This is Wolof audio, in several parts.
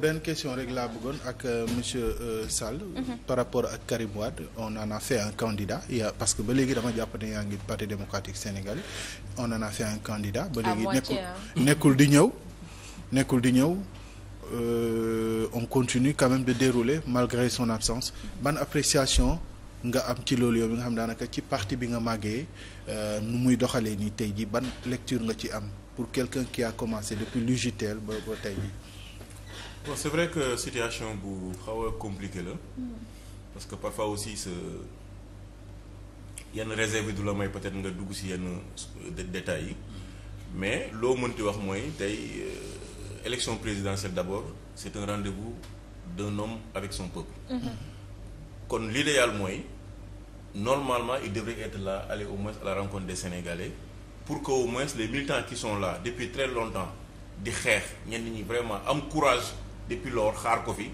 benn question rek laa bëggoon ak euh, monsieur euh, Sall. Mhm. par rapport ak Karim Wade on en a fait un candidat ya parce que ba léegi dama jàpp ne yaa ngi parti démocratique sénégalais on en a fait un candidat. ba léegi nekkul nekkul di ñëw nekkul di ñëw. Euh, on continue quand même de dérouler malgré son absence ban appréciation nga am ci loolu yow mi nga xam daanaka ci parti bi nga màggee euh, nu muy doxalee nii tey jii ban lecture nga ci am pour quelqu'un ki a commencé depuis l'UJTL ba tey jii bon c'est vrai que situation bu xaw a compliqué la. parce que parfois aussi sa yenn réserve yi du la may peut-être nga dugg ci yenn détails yi mais loo mënti wax mooy tey euh, élection présidentielle d'abord c'est un rendez-vous d'un homme avec son peuple. Mm-hmm. kon l'idéal mooy normalement il devrait être là aller au moins à la rencontre des Sénégalais pour que au moins les militants qui sont là depuis très longtemps di xeex ñenn ñi vraiment am courage. depuis lors xaar ko fi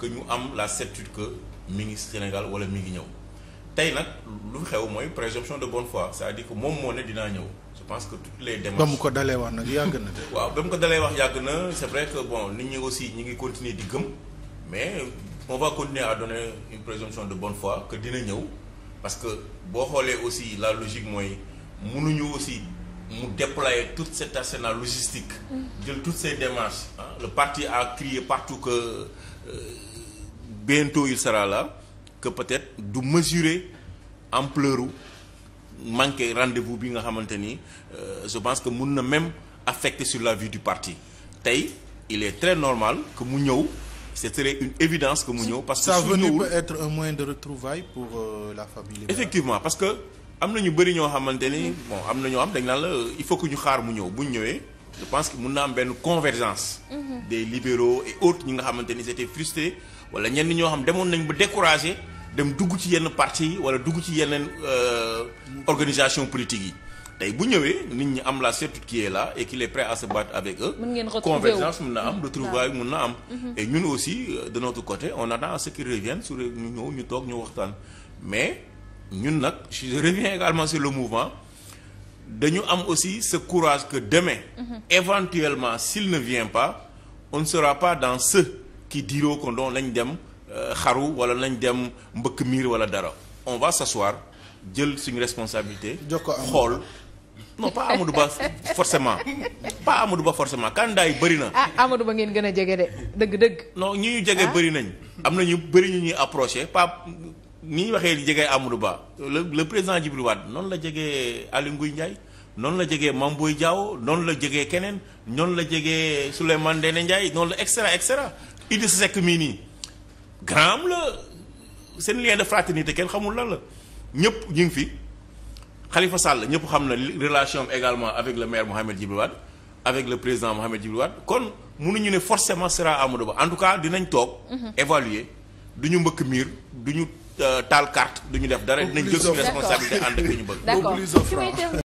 que ñu am la certitude que mu ngi Sénégal wala mi ngi ñëw tey nag lu xew mooy présomption de bon foi c'est-à-dire que moom moo ne dinaa ñëw je pense que toutes les démarches. ba mu ko dalee wax nag yàgg na de. waaw ba mu ko dalee wax yàgg na c'est vrai que bon nit ñi aussi ñi ngi continuer di gëm mais on va continuer à donner une présomption de bon foi que dina ñëw parce que boo xoolee aussi la logique mooy mënuñu aussi. mu déployer tout cet arsenal logistique jël toutes ces démarches hein? le parti a crié partout que euh, bientôt il sera là que peut-être du mesurer ampleur u manqué rendez bi nga xamante ni euh, je pense que mun na même affecter sur la vie du parti tey il est très normal que mu ñëw ce serait une évidence que mu ñëw parce que ça venait peut être un moyen de retrouvailles pour euh, la famille libérale. effectivement parce que am na ñu bëri ñoo xamante ni bon am na ñoo xam dañ naan la il faut que ñu xaar mu ñëw bu ñu ñëwee je pense que mun na am benn convergence. Mhm. de libéraux et autres ñi nga xamante ni c'était frustré wala ñenn ñoo xam demoon nañ ba découragé dem dugg ci yenn parti yi wala dugg ci yeneen euh, organisation politique yi tey bu ñëwee nit ñi am la certitude qui est là et qu'il est prêt à se battre avec eux. convergence mun na am mhm. retrouvaille mun na am. Mhm. ñun aussi euh, de notre côté on attend à ce qu'ils ñu ñëw ñu toog ñu waxtaan mais. ñun nag je reviens également sur le mouvement dañu am aussi ce courage que demain mm -hmm. éventuellement s'il ne vient pas on ne sera pas dans ceux qui diront que non lañ dem euh, xaru wala lañ dem mbëkk miir wala dara on va s'asseoir jël suñu responsabilité xool non pas Amadou Ba forcément pas Amadou Ba forcément candidat yi bëri na. ah Amadou Ba ngeen gën a jege de dëgg dëgg. non ñi ñu jege ah. bëri nañ. am na ñu bëri ñu ñuy approché pas ni ñu waxee jege Amadou Ba le le président Djibril noonu la jegee Aly Ngouille noonu la jegee Mame Boye Diao noonu la jegee keneen noonu la jegee Souleymane Ndéné Ndiaye noonu la et cetera et cetera Idrissa mii nii grand la seen lien de fraternité kenn xamul lan la ñëpp ñu fi Khalifa Sall ñëpp xam na relation également avec le maire Mohamed Djibril Wade avec le président Mohamed Djibril Wade kon mënuñu ne forcément sera Amadou Ba en tout cas dinañ toog. Mhm. évaluer Euh, taal carte du ñu def dara. dinañ jël suñu responsabilité ànd ak li ñu bëgg.